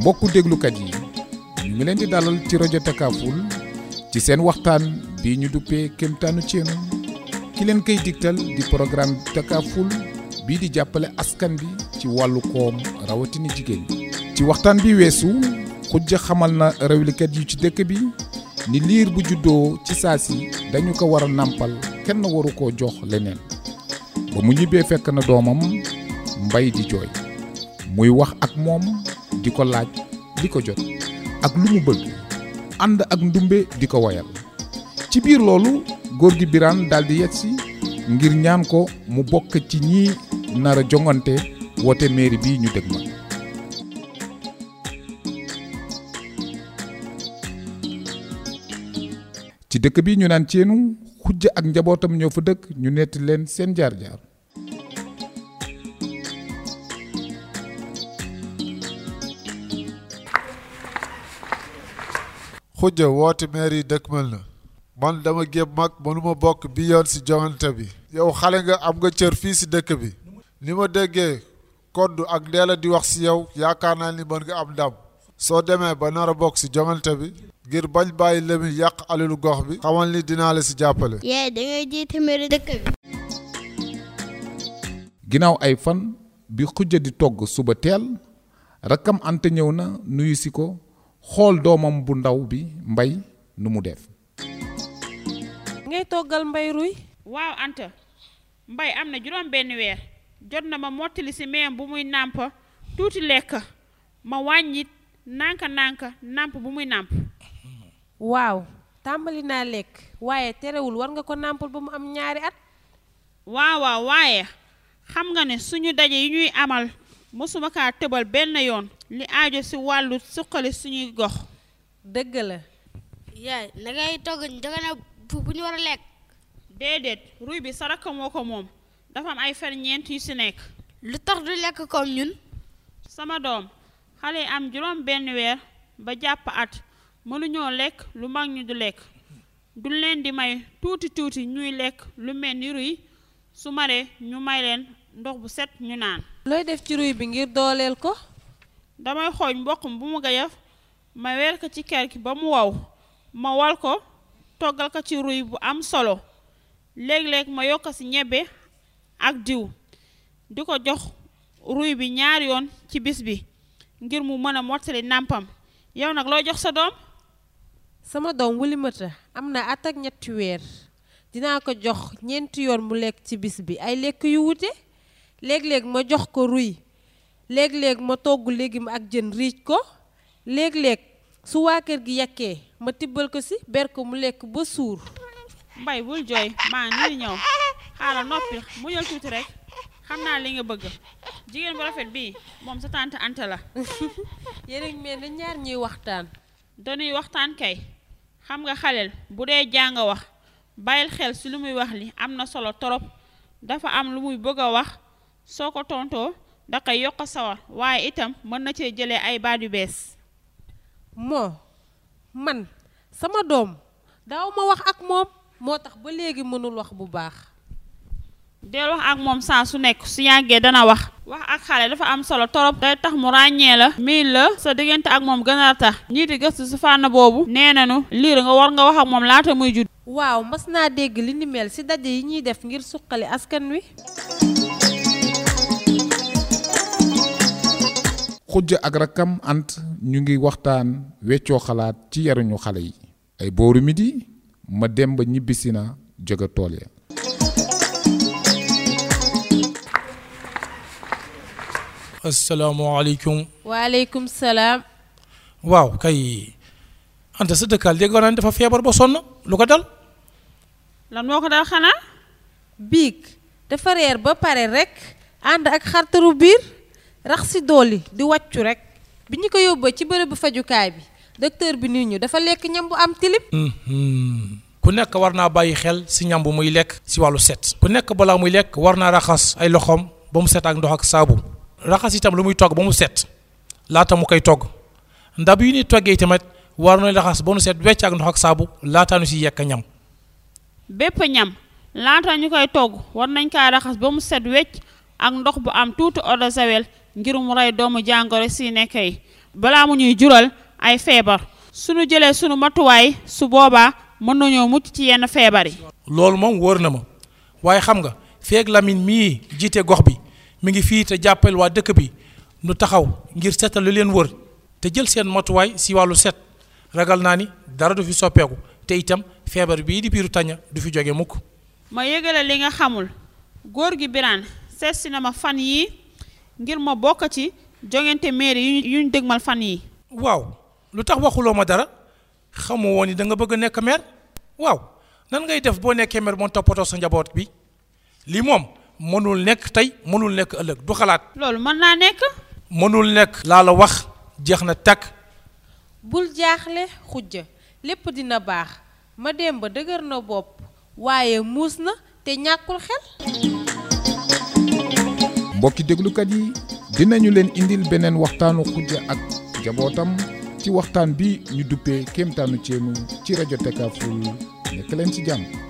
mbokku déglukat yi ñu ngi leen di dalal ci rajo Takaful ci seen waxtaan bi ñu duppee kéemtaanu ceenu ki leen kay digtal di programme Takaful bii di jàppale askan bi ci wàllu koom rawatina jigéen ci waxtaan bi weesu xujja xamal na rewlikat yu ci dëkk bi ni liir bu juddoo ci saa si dañu ko war a nàmpal kenn waru koo jox leneen ba mu ñibbee fekk na doomam mbay di jooy muy wax ak moom di ko laaj di ko jot ak lu mu bëgg ànd ak ndumbe di ko woyal ci biir loolu góor gi biraan daldi di si ngir ñaan ko mu bokk ci ñi nar a jongante woote mairie bi ñu dëgg ma ci dëkk bi ñu naan ceenu xujj ak njabootam ñoo fa dëkk ñu netti leen seen jaar-jaar xujja woote maire yi dëkkmal na man dama géeb mag mënuma bokk bi yoon ci joŋante bi yow xale nga am nga cër fii si dëkk bi ni ma déggee koddu ak ndeela di wax si yow yaakaar naa ni mën nga am ndam soo demee ba nara bokk ci joŋante bi ngir bañ bàyyi lemi yàq alalu gox bi xamal ni dinaa la si jàppale yee da ngay jiite maire dëkk bi ginnaaw ay fan bi xujja di togg suba teel rakkam ante ñëw na nuyu si ko xool doomam bu ndaw bi mbay nu mu def. ngay toggal mbay ruy. waaw Anta mbay am na juróom benn weer jot na ma mottali si meem bu muy nàmp tuuti lekk ma wàññit nànka nànka nàmp bu muy nàmp. waaw tàmbali naa lekk waaye terewul war nga ko nàmpal ba mu am ñaari at. waaw waaye xam nga ne suñu daje yi ñuy amal mësuma kaa tëbal benn yoon li aajo ci wàllu suqali suñuy gox dëgg la yaay na ngay togg njagana bu ñu war a lekk déedéet ruy bi saraka moo ko moom dafa am ay fer ñeent yu ci nekk lu tax du lekk comme ñun sama doom xale yi am juróom benn weer ba jàpp at mënuñoo lekk lu mag ñu du lekk du leen di may tuuti tuuti ñuy lekk lu mel ni ruy su maree ñu may leen ndox bu set ñu naan. looy def ci ruy bi ngir dooleel ko. damay xooñ mboqum bu mu gajaf ma weer ko ci ker gi ba mu wow ma wal ko toggal ko ci ruy bu am solo léeg-léeg ma yokk ci ñebbe ak diw di ko jox ruy bi ñaari yoon ci bis bi ngir mu mën a mottali nàmpam yow nag looy jox sa doom. sama doom wuli mëta am na at ak ñetti weer. dinaa ko jox ñeenti yoon mu lekk ci bis bi ay lekk yu wute léeg-léeg ma jox ko ruy léeg-léeg ma togg léegi ma ak jën riij ko léeg-léeg su waa kër gi yàkkee ma tibbal ko si ber ko mu lekk ba suur mbay bul jooy maa ngi ñëw xaaral noppi mu ñëw tuuti rek xam naa li nga bëgg jigéen bu rafet bii moom sa tante Anta la yéen mel na ñaar ñuy waxtaan dañuy waxtaan kay xam nga xalel bu dee jàng wax bàyyil xel si lu muy wax li am na solo torop dafa am lu muy bëgg a wax soo ko tontoo da koy yokk sawar waaye itam mën na cee jëlee ay baat yu bees moo man sama doom daaw ma wax ak moom moo tax ba léegi mënul wax bu baax del wax ak moom saa su nekk su yàggee dana wax wax ak xale dafa am solo torop day tax mu ràññee la miin la sa diggante ak moom gën a tax ñii di gëstu su fànn boobu nee ne nu liir nga war nga wax ak moom laata muy judd waaw mas naa dégg li ni mel ci daje yi ñuy def ngir suqali askan wi. xujj ak rakkam ant ñu ngi waxtaan weccoo xalaat ci yaruñu xale yi. ay booru midi ma dem ba ñibbisi na jóge tool ya. asalaamaaleykum. waaleykum salaam. waaw kay. anta sa dëkkaal déggoon naa dafa feebar ba sonn lu ko dal. lan moo ko dal xanaa biig dafa reer ba pare rek ànd ak xartaru biir rax si di wàccu rek bi ñu ko yóbbee ci bërëb fajukaay bi docteur bi nit ñu dafa lekk ñam bu am tilim mm-hmm. ku nekk war naa bàyyi xel si ñam bu muy lekk si wàllu set ku nekk balaa muy lekk war naa raxas ay loxoom ba mu set ak ndox ak saabu raxas itam lu muy togg ba mu set laata mu koy togg ndab yu ñuy toggee tamit war nañu raxas ba mu set wecc ak ndox ak saabu laataanu si yekk ñam bépp ñam laata ñu koy togg war nañ kaa raxas ba mu set wecc ak ndox bu am tuuti eau de ngir mu rey doomu jàngoro si nekk yi balaa mu ñuy jural ay feebar suñu jëlee suñu matuwaay su boobaa mën nañoo mucc ci yenn feebar yi. loolu moom wóor na ma waaye xam nga feeg Lamine mii jiite gox bi mi ngi fii te jàppale waa dëkk bi nu taxaw ngir setal lu leen wër te jël seen matuwaay si wàllu set ragal naa ni dara du fi soppeeku te itam feebar bii di piiru tàñña du fi jóge mukk ma yëgale li nga xamul góor gi biraan seet si na ma fan yii ngir ma bokk ci jongante mairie yu ñu dëgmal fan yi waaw lu tax waxuloo ma dara xamoo woon ni danga bëgg a nekk maire waaw nan ngay def boo nekkee maire moo toppatoo sa njaboot bi lii moom mënul nekk tey mënul nekk ëllëg du xalaat. loolu mën naa nekk. mënul nekk. laa la wax jeex na takk. bul jaaxle xujja. lépp dina baax ma dem ba dëgër na bopp waaye muus na te ñàkkul xel mbokki déglukat yi dinañu leen indil beneen waxtaanu xujja ak jabootam ci waxtaan bi ñu duppee kéemtaanu ceenu ci rajo Takaful nekk leen ci jàmm